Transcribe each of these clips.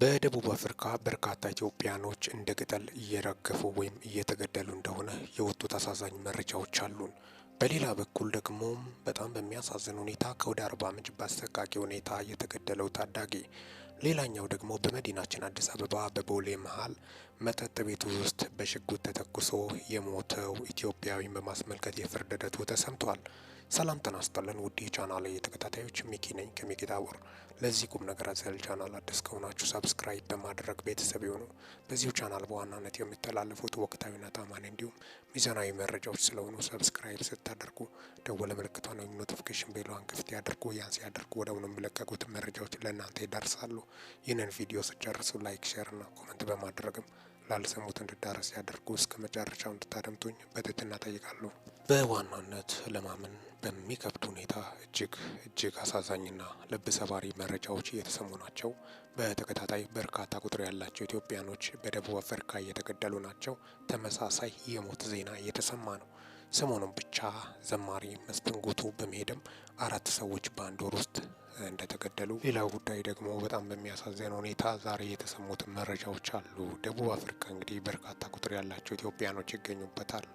በደቡብ አፍሪካ በርካታ ኢትዮጵያኖች እንደ ቅጠል እየረገፉ ወይም እየተገደሉ እንደሆነ የወጡት አሳዛኝ መረጃዎች አሉን። በሌላ በኩል ደግሞ በጣም በሚያሳዝን ሁኔታ ከወደ አርባ ምንጭ በአሰቃቂ ሁኔታ የተገደለው ታዳጊ፣ ሌላኛው ደግሞ በመዲናችን አዲስ አበባ በቦሌ መሀል መጠጥ ቤት ውስጥ በሽጉጥ ተተኩሶ የሞተው ኢትዮጵያዊን በማስመልከት የፍርድ ሂደቱ ተሰምቷል። ሰላም ጤና ይስጥልን ውድ የቻናሌ የተከታታዮች ሚኪ ነኝ ከሚኪታ ወር። ለዚህ ቁም ነገር አዘል ቻናል አዲስ ከሆናችሁ ሰብስክራይብ በማድረግ ቤተሰብ የሆኑ በዚሁ ቻናል በዋናነት የሚተላለፉት ወቅታዊና ታማኝ እንዲሁም ሚዛናዊ መረጃዎች ስለሆኑ ሰብስክራይብ ስታደርጉ ደወል ምልክቷን ወይም ኖቲፊኬሽን ቤሏን ክፍት ያደርጉ ያንስ ያደርጉ ወደ ወደአሁኑ የሚለቀቁት መረጃዎች ለእናንተ ይደርሳሉ። ይህንን ቪዲዮ ስጨርሱ ላይክ፣ ሼር ና ኮመንት በማድረግም ላልሰሙት እንድዳረስ ያደርጉ እስከ መጨረሻው እንድታደምጡኝ በትህትና እጠይቃለሁ። በዋናነት ለማመን በሚከብድ ሁኔታ እጅግ እጅግ አሳዛኝና ልብ ሰባሪ መረጃዎች እየተሰሙ ናቸው። በተከታታይ በርካታ ቁጥር ያላቸው ኢትዮጵያኖች በደቡብ አፍሪካ እየተገደሉ ናቸው። ተመሳሳይ የሞት ዜና እየተሰማ ነው። ሰሞኑን ብቻ ዘማሪ መስፍን ጉቱ በመሄድም አራት ሰዎች በአንድ ወር ውስጥ እንደተገደሉ። ሌላው ጉዳይ ደግሞ በጣም በሚያሳዝን ሁኔታ ዛሬ የተሰሙት መረጃዎች አሉ። ደቡብ አፍሪካ እንግዲህ በርካታ ቁጥር ያላቸው ኢትዮጵያኖች ይገኙበታል።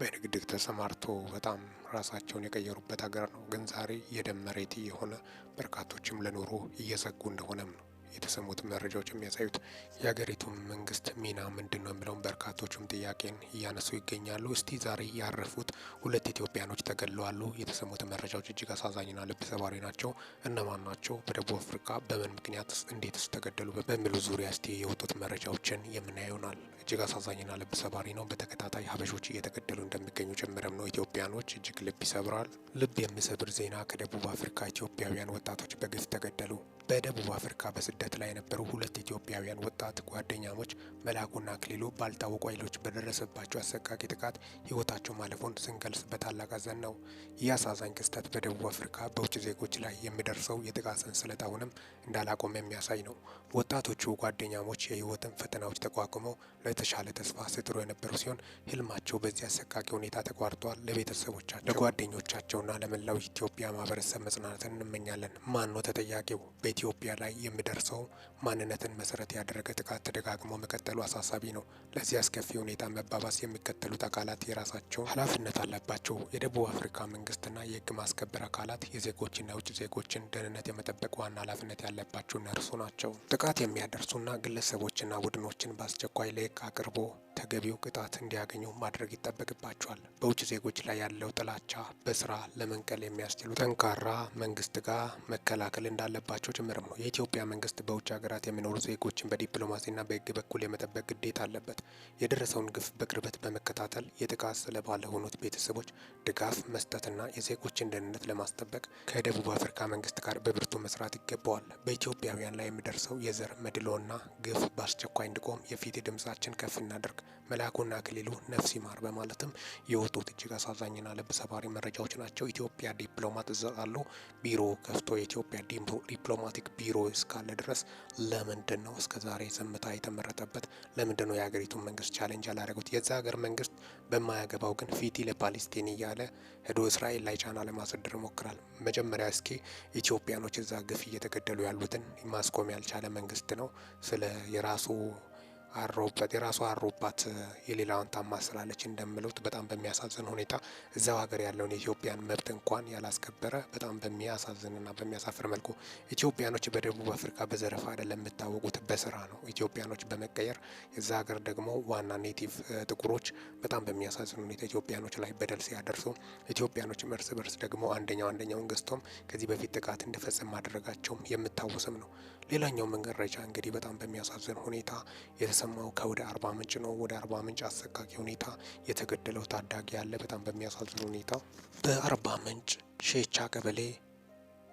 በንግድ ተሰማርቶ በጣም ራሳቸውን የቀየሩበት ሀገር ነው። ግን ዛሬ የደም መሬት የሆነ በርካቶችም ለኑሮ እየሰጉ እንደሆነም ነው የተሰሙት መረጃዎች የሚያሳዩት የሀገሪቱ መንግስት ሚና ምንድን ነው የሚለውን በርካቶቹም ጥያቄን እያነሱ ይገኛሉ። እስቲ ዛሬ ያረፉት ሁለት ኢትዮጵያኖች ተገለዋሉ። የተሰሙት መረጃዎች እጅግ አሳዛኝና ልብ ሰባሪ ናቸው። እነማን ናቸው? በደቡብ አፍሪካ በምን ምክንያት እንዴትስ ተገደሉ? በሚሉ ዙሪያ እስቲ የወጡት መረጃዎችን ይሆናል። እጅግ አሳዛኝና ልብ ሰባሪ ነው። በተከታታይ ሀበሾች እየተገደሉ እንደሚገኙ ጭምርም ነው። ኢትዮጵያኖች እጅግ ልብ ይሰብራል። ልብ የሚሰብር ዜና ከደቡብ አፍሪካ ኢትዮጵያውያን ወጣቶች በግፍ ተገደሉ። በደቡብ አፍሪካ በስደት ላይ የነበሩ ሁለት ኢትዮጵያውያን ወጣት ጓደኛሞች መላኩና አክሊሉ ባልታወቁ ኃይሎች በደረሰባቸው አሰቃቂ ጥቃት ህይወታቸው ማለፉን ስንገልጽ በታላቅ ሐዘን ነው። ይህ አሳዛኝ ክስተት በደቡብ አፍሪካ በውጭ ዜጎች ላይ የሚደርሰው የጥቃት ሰንሰለት አሁንም እንዳላቆመ የሚያሳይ ነው። ወጣቶቹ ጓደኛሞች የህይወትን ፈተናዎች ተቋቁመው ለተሻለ ተስፋ ሲጥሩ የነበሩ ሲሆን ህልማቸው በዚህ አሰቃቂ ሁኔታ ተቋርጧል። ለቤተሰቦቻቸው፣ ለጓደኞቻቸውና ለመላው ኢትዮጵያ ማህበረሰብ መጽናናትን እንመኛለን። ማን ነው ተጠያቂው? ኢትዮጵያ ላይ የሚደርሰው ማንነትን መሰረት ያደረገ ጥቃት ተደጋግሞ መቀጠሉ አሳሳቢ ነው። ለዚህ አስከፊ ሁኔታ መባባስ የሚከተሉት አካላት የራሳቸው ኃላፊነት አለባቸው። የደቡብ አፍሪካ መንግስትና የህግ ማስከበር አካላት የዜጎችና የውጭ ዜጎችን ደህንነት የመጠበቅ ዋና ኃላፊነት ያለባቸው እነርሱ ናቸው። ጥቃት የሚያደርሱና ግለሰቦችና ቡድኖችን በአስቸኳይ ለህግ አቅርቦ ተገቢው ቅጣት እንዲያገኙ ማድረግ ይጠበቅባቸዋል። በውጭ ዜጎች ላይ ያለው ጥላቻ በስራ ለመንቀል የሚያስችሉ ጠንካራ መንግስት ጋር መከላከል እንዳለባቸው ጭምርም ነው። የኢትዮጵያ መንግስት በውጭ ሀገራት የሚኖሩ ዜጎችን በዲፕሎማሲና በህግ በኩል የመጠበቅ ግዴታ አለበት። የደረሰውን ግፍ በቅርበት በመከታተል የጥቃት ሰለባ ለሆኑት ቤተሰቦች ድጋፍ መስጠትና የዜጎችን ደህንነት ለማስጠበቅ ከደቡብ አፍሪካ መንግስት ጋር በብርቱ መስራት ይገባዋል። በኢትዮጵያውያን ላይ የሚደርሰው የዘር መድሎና ግፍ በአስቸኳይ እንዲቆም የፊት ድምጻችን ከፍ እናደርግ። መላኩና ክሊሉ ነፍስ ይማር በማለትም የወጡት እጅግ አሳዛኝና ልብ ሰባሪ መረጃዎች ናቸው። ኢትዮጵያ ዲፕሎማት ይዘጣሉ። ቢሮ ከፍቶ የኢትዮጵያ ዲፕሎማቲክ ቢሮ እስካለ ድረስ ለምንድን ነው እስከ ዛሬ ዝምታ የተመረጠበት? ለምንድን ነው የሀገሪቱን መንግስት ቻለንጅ ያላደረጉት? የዛ ሀገር መንግስት በማያገባው ግን ፊቲ ለፓሌስቲን እያለ ህዶ እስራኤል ላይ ጫና ለማስደር ይሞክራል። መጀመሪያ እስኪ ኢትዮጵያኖች እዛ ግፍ እየተገደሉ ያሉትን ማስቆም ያልቻለ መንግስት ነው ስለ የራሱ አሮበት የራሷ አሮባት የሌላውን ታማ ስላለች እንደምለውት በጣም በሚያሳዝን ሁኔታ እዛው ሀገር ያለውን የኢትዮጵያን መብት እንኳን ያላስከበረ በጣም በሚያሳዝንና በሚያሳፍር መልኩ ኢትዮጵያኖች በደቡብ አፍሪካ በዘረፋ አይደለም የምታወቁት፣ በስራ ነው። ኢትዮጵያኖች በመቀየር የዛ ሀገር ደግሞ ዋና ኔቲቭ ጥቁሮች በጣም በሚያሳዝን ሁኔታ ኢትዮጵያኖች ላይ በደል ሲያደርሱ ኢትዮጵያኖችም እርስ በርስ ደግሞ አንደኛው አንደኛውን ገዝቶም ከዚህ በፊት ጥቃት እንደፈጸም ማድረጋቸውም የምታወስም ነው። ሌላኛው መረጃ እንግዲህ በጣም በሚያሳዝን ሁኔታ የተሰማው ከወደ አርባ ምንጭ ነው። ወደ አርባ ምንጭ አሰቃቂ ሁኔታ የተገደለው ታዳጊ ያለ በጣም በሚያሳዝን ሁኔታ በአርባ ምንጭ ሼቻ ቀበሌ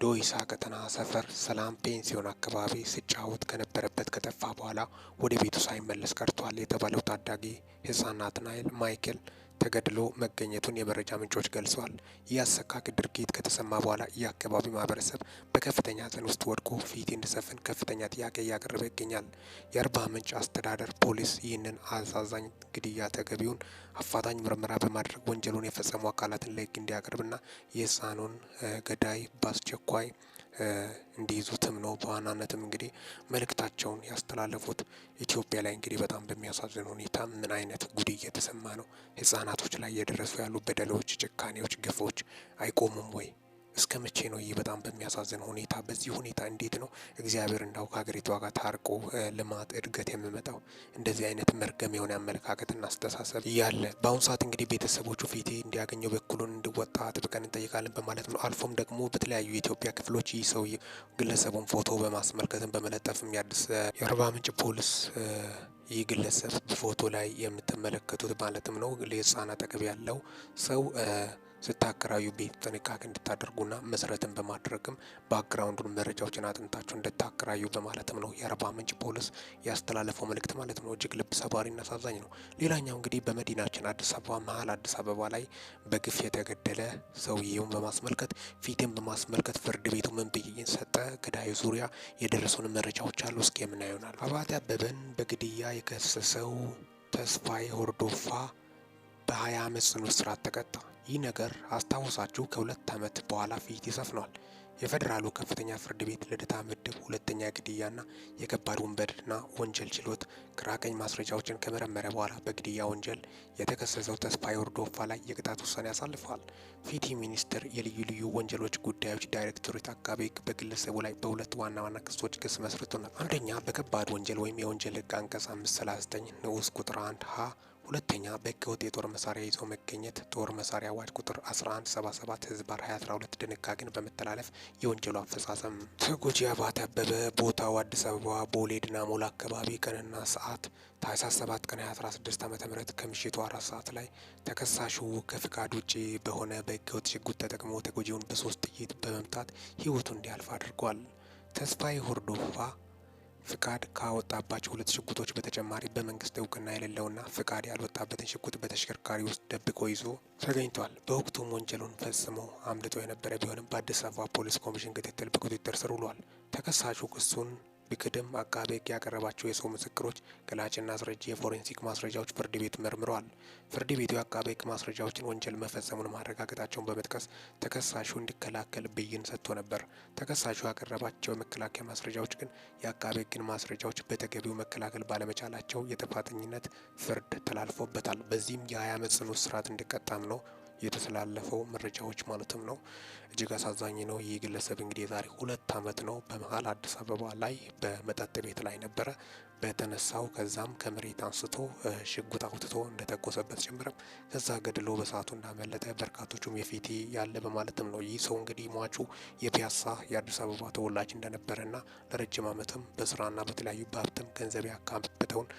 ዶይሳ ቀጠና ሰፈር ሰላም ፔንሲዮን አካባቢ ስጫወት ከነበረበት ከጠፋ በኋላ ወደ ቤቱ ሳይመለስ ቀርቷል የተባለው ታዳጊ ሕፃን ናትናኤል ማይክል ተገድሎ መገኘቱን የመረጃ ምንጮች ገልጸዋል። ይህ አሰቃቂ ድርጊት ከተሰማ በኋላ የአካባቢው ማህበረሰብ በከፍተኛ ሐዘን ውስጥ ወድቆ ፊት እንዲሰፍን ከፍተኛ ጥያቄ እያቀረበ ይገኛል። የአርባ ምንጭ አስተዳደር ፖሊስ ይህንን አሳዛኝ ግድያ ተገቢውን አፋጣኝ ምርመራ በማድረግ ወንጀሉን የፈጸሙ አካላትን ለህግ እንዲያቀርብና የህፃኑን ገዳይ በአስቸኳይ እንዲይዙትም ነው በዋናነትም እንግዲህ መልእክታቸውን ያስተላለፉት። ኢትዮጵያ ላይ እንግዲህ በጣም በሚያሳዝን ሁኔታ ምን አይነት ጉድ እየተሰማ ነው? ህጻናቶች ላይ እየደረሱ ያሉ በደሎች፣ ጭካኔዎች፣ ግፎች አይቆሙም ወይ? እስከ መቼ ነው? ይህ በጣም በሚያሳዝን ሁኔታ በዚህ ሁኔታ እንዴት ነው እግዚአብሔር እንዳው ከሀገሪቷ ጋር ታርቆ ልማት፣ እድገት የሚመጣው? እንደዚህ አይነት መርገም የሆነ አመለካከትና አስተሳሰብ እያለ በአሁኑ ሰዓት እንግዲህ ቤተሰቦቹ ፊቴ እንዲያገኘው በኩሉን እንድወጣ አጥብቀን እንጠይቃለን በማለት ነው። አልፎም ደግሞ በተለያዩ የኢትዮጵያ ክፍሎች ይህ ሰው ግለሰቡን ፎቶ በማስመልከትም በመለጠፍ ያድስ የአርባ ምንጭ ፖሊስ ይህ ግለሰብ በፎቶ ላይ የምትመለከቱት ማለትም ነው ለህፃናት አጠገብ ያለው ሰው ስታከራዩ ቤት ጥንቃቄ እንድታደርጉና መሰረትን በማድረግም ባክግራውንዱን መረጃዎችን አጥንታችሁ እንድታከራዩ በማለትም ነው የአርባ ምንጭ ፖሊስ ያስተላለፈው መልእክት ማለት ነው። እጅግ ልብ ሰባሪና አሳዛኝ ነው። ሌላኛው እንግዲህ በመዲናችን አዲስ አበባ መሀል አዲስ አበባ ላይ በግፍ የተገደለ ሰውየውን በማስመልከት ፊትን በማስመልከት ፍርድ ቤቱ ምን ብይን ሰጠ? ገዳዩ ዙሪያ የደረሰውን መረጃዎች አሉ። እስኪ የምናየው ይሆናል። አባቴ አበበን በግድያ የከሰሰው ተስፋዬ ሆርዶፋ በ20 ዓመት ጽኑ እስራት ተቀጣ። ይህ ነገር አስታውሳችሁ ከሁለት ዓመት በኋላ ፊት ይሰፍኗል። የፌዴራሉ ከፍተኛ ፍርድ ቤት ልደታ ምድብ ሁለተኛ ግድያና የከባድ ውንበድና ወንጀል ችሎት ግራቀኝ ማስረጃዎችን ከመረመረ በኋላ በግድያ ወንጀል የተከሰሰው ተስፋዬ ወርዶፋ ላይ የቅጣት ውሳኔ አሳልፈዋል። ፊቲ ሚኒስቴር የልዩ ልዩ ወንጀሎች ጉዳዮች ዳይሬክቶሬት አቃቤ ሕግ በግለሰቡ ላይ በሁለት ዋና ዋና ክሶች ክስ መስርቶናል። አንደኛ በከባድ ወንጀል ወይም የወንጀል ሕግ አንቀጽ 539 ንዑስ ቁጥር 1 ሀ ሁለተኛ በህገወጥ የጦር መሳሪያ ይዞ መገኘት ጦር መሳሪያ አዋጅ ቁጥር 1177 ህዝባር 212 ድንጋጌን በመተላለፍ የወንጀሉ አፈጻጸም። ተጎጂ አባተ አበበ ቦታው አዲስ አበባ ቦሌ ሞላ አካባቢ ቀንና ሰዓት ታህሳስ 7 ቀን 2016 ዓ ከምሽቱ 4 ሰዓት ላይ ተከሳሹ ከፍቃድ ውጭ በሆነ በህገወጥ ሽጉጥ ተጠቅሞ ተጎጂውን በሶስት ጥይት በመምታት ህይወቱ እንዲያልፍ አድርጓል። ተስፋዬ ሆርዶፋ ፍቃድ ካወጣባቸው ሁለት ሽጉጦች በተጨማሪ በመንግስት እውቅና የሌለውና ፍቃድ ያልወጣበትን ሽጉጥ በተሽከርካሪ ውስጥ ደብቆ ይዞ ተገኝቷል። በወቅቱም ወንጀሉን ፈጽሞ አምልጦ የነበረ ቢሆንም በአዲስ አበባ ፖሊስ ኮሚሽን ክትትል በቁጥጥር ስር ውሏል። ተከሳሹ ክሱን ቢክድም አቃቤ ሕግ ያቀረባቸው የሰው ምስክሮች ገላጭና አስረጂ የፎሬንሲክ ማስረጃዎች ፍርድ ቤት መርምረዋል። ፍርድ ቤቱ የአቃቤ ሕግ ማስረጃዎችን ወንጀል መፈጸሙን ማረጋገጣቸውን በመጥቀስ ተከሳሹ እንዲከላከል ብይን ሰጥቶ ነበር። ተከሳሹ ያቀረባቸው የመከላከያ ማስረጃዎች ግን የአቃቤ ሕግን ማስረጃዎች በተገቢው መከላከል ባለመቻላቸው የጥፋተኝነት ፍርድ ተላልፎበታል። በዚህም የ20 ዓመት ጽኑ እስራት እንዲቀጣም ነው የተላለፈው መረጃዎች ማለትም ነው። እጅግ አሳዛኝ ነው። ይህ ግለሰብ እንግዲህ የዛሬ ሁለት አመት ነው በመሀል አዲስ አበባ ላይ በመጠጥ ቤት ላይ ነበረ በተነሳው ከዛም ከመሬት አንስቶ ሽጉጥ አውጥቶ እንደተኮሰበት ጀምረም ከዛ ገድሎ በሰዓቱ እንዳመለጠ በርካቶቹም የፊት ያለ በማለትም ነው። ይህ ሰው እንግዲህ ሟቹ የፒያሳ የአዲስ አበባ ተወላጅ እንደነበረና ለረጅም አመትም በስራና በተለያዩ በሀብትም ገንዘብ ያካበተውን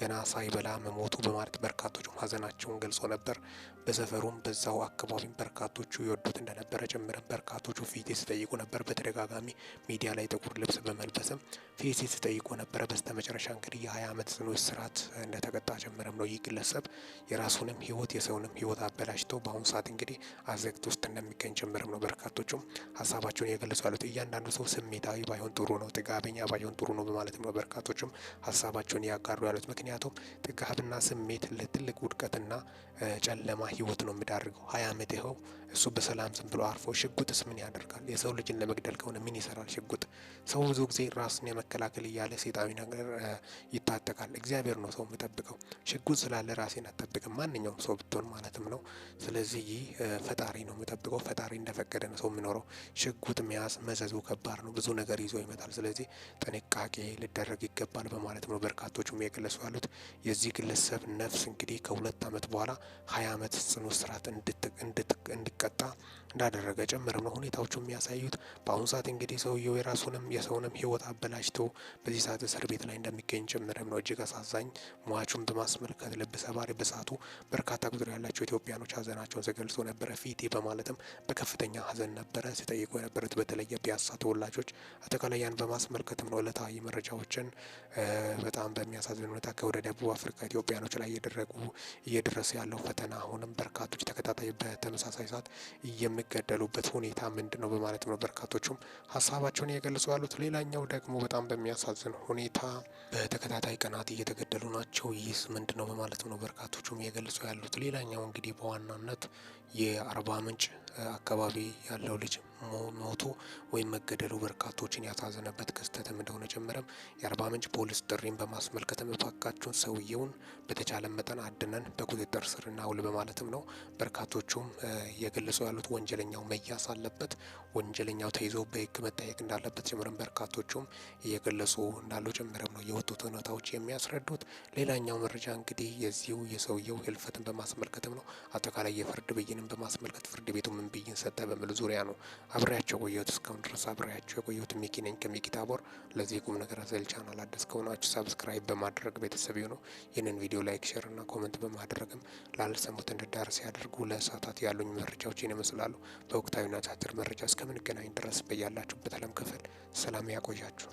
ገና ሳይበላ መሞቱ በማለት በርካቶቹ ሀዘናቸውን ገልጾ ነበር። በሰፈሩም በዛው አካባቢም በርካቶቹ የወዱት እንደነበረ ጭምርም በርካቶቹ ፊቴ ሲጠይቁ ነበር። በተደጋጋሚ ሚዲያ ላይ ጥቁር ልብስ በመልበስም ፊቴ ሲጠይቁ ነበረ። በስተመጨረሻ እንግዲህ የ20 ዓመት ጽኑ እስራት እንደተቀጣ ጭምርም ነው። ይህ ግለሰብ የራሱንም ህይወት የሰውንም ህይወት አበላሽተው በአሁኑ ሰዓት እንግዲህ አዘግት ውስጥ እንደሚገኝ ጭምርም ነው። በርካቶቹም ሀሳባቸውን የገለጹ ያሉት እያንዳንዱ ሰው ስሜታዊ ባይሆን ጥሩ ነው፣ ጥጋበኛ ባይሆን ጥሩ ነው በማለት ነው። በርካቶቹም ሀሳባቸውን ያጋሩ ያሉት ምክንያት ምክንያቱም ጥጋብና ስሜት ለትልቅ ውድቀትና ጨለማ ህይወት ነው የሚዳርገው። ሀያ ዓመት ይኸው እሱ በሰላም ዝም ብሎ አርፎ ሽጉጥስ ምን ያደርጋል? የሰው ልጅን ለመግደል ከሆነ ምን ይሰራል ሽጉጥ? ሰው ብዙ ጊዜ ራሱን የመከላከል እያለ ሴጣዊ ነገር ይታጠቃል። እግዚአብሔር ነው ሰው የሚጠብቀው። ሽጉጥ ስላለ ራሴን አጠብቅም ማንኛውም ሰው ብትሆን ማለትም ነው። ስለዚህ ይህ ፈጣሪ ነው የሚጠብቀው። ፈጣሪ እንደፈቀደ ነው ሰው የሚኖረው። ሽጉጥ መያዝ መዘዙ ከባድ ነው። ብዙ ነገር ይዞ ይመጣል። ስለዚህ ጥንቃቄ ሊደረግ ይገባል በማለት ነው በርካቶቹም የገለጹ ያሉ ያሉት። የዚህ ግለሰብ ነፍስ እንግዲህ ከሁለት ዓመት በኋላ ሀያ ዓመት ጽኑ እስራት እንዲቀጣ እንዳደረገ ጭምር ነው ሁኔታዎቹ የሚያሳዩት። በአሁኑ ሰዓት እንግዲህ ሰውየው የራሱንም የሰውንም ህይወት አበላሽቶ በዚህ ሰዓት እስር ቤት ላይ እንደሚገኝ ጭምርም ነው። እጅግ አሳዛኝ ሟቹን በማስመልከት ልብ ሰባሪ በሰዓቱ በርካታ ቁጥር ያላቸው ኢትዮጵያኖች ሀዘናቸውን ሲገልጹ ነበረ። ፊቴ በማለትም በከፍተኛ ሀዘን ነበረ ሲጠይቁ የነበሩት በተለየ ፒያሳ ተወላጆች። አጠቃላይ ያን በማስመልከትም ነው እለታዊ መረጃዎችን በጣም በሚያሳዝን ሁኔታ ወደ ደቡብ አፍሪካ ኢትዮጵያኖች ላይ እየደረጉ እየደረሰ ያለው ፈተና አሁንም በርካቶች ተከታታይ በተመሳሳይ ሰዓት እየሚገደሉበት ሁኔታ ምንድን ነው በማለትም ነው በርካቶቹም ሀሳባቸውን እየገለጹ ያሉት። ሌላኛው ደግሞ በጣም በሚያሳዝን ሁኔታ በተከታታይ ቀናት እየተገደሉ ናቸው። ይህስ ምንድን ነው በማለትም ነው በርካቶቹም እየገለጹ ያሉት። ሌላኛው እንግዲህ በዋናነት የአርባ ምንጭ አካባቢ ያለው ልጅ ሞቱ ወይም መገደሉ በርካቶችን ያሳዘነበት ክስተትም እንደሆነ ጀመረም የአርባ ምንጭ ፖሊስ ጥሪን በማስመልከትም እባካችሁን ሰውየውን በተቻለ መጠን አድነን በቁጥጥር ስር እናውል በማለትም ነው በርካቶቹም እየገለጹ ያሉት። ወንጀለኛው መያዝ አለበት፣ ወንጀለኛው ተይዞ በህግ መጠየቅ እንዳለበት ጀምረም በርካቶቹም እየገለጹ እንዳሉ ጀምረም ነው የወጡት እውነታዎች የሚያስረዱት። ሌላኛው መረጃ እንግዲህ የዚሁ የሰውየው ህልፈትን በማስመልከትም ነው አጠቃላይ የፍርድ ብይንም በማስመልከት ፍርድ ቤቱ ምን ብይን ሰጠ በሚል ዙሪያ ነው። አብሬያቸው ቆየሁት። እስካሁን ድረስ አብሬያቸው የቆየሁት ሚኪ ነኝ ከሚኪ ታቦር። ለዚህ ቁም ነገር አዘል ቻናል አዲስ ከሆናችሁ ሰብስክራይብ በማድረግ ቤተሰብ የሆነው ይህንን ቪዲዮ ላይክ፣ ሼር እና ኮመንት በማድረግም ላልሰሙት እንዲዳረስ ያደርጉ። ለእሳታት ያሉኝ መረጃዎች ይህን ይመስላሉ። በወቅታዊና ታትር መረጃ እስከምንገናኝ ድረስ በያላችሁበት ዓለም ክፍል ሰላም ያቆያችሁ።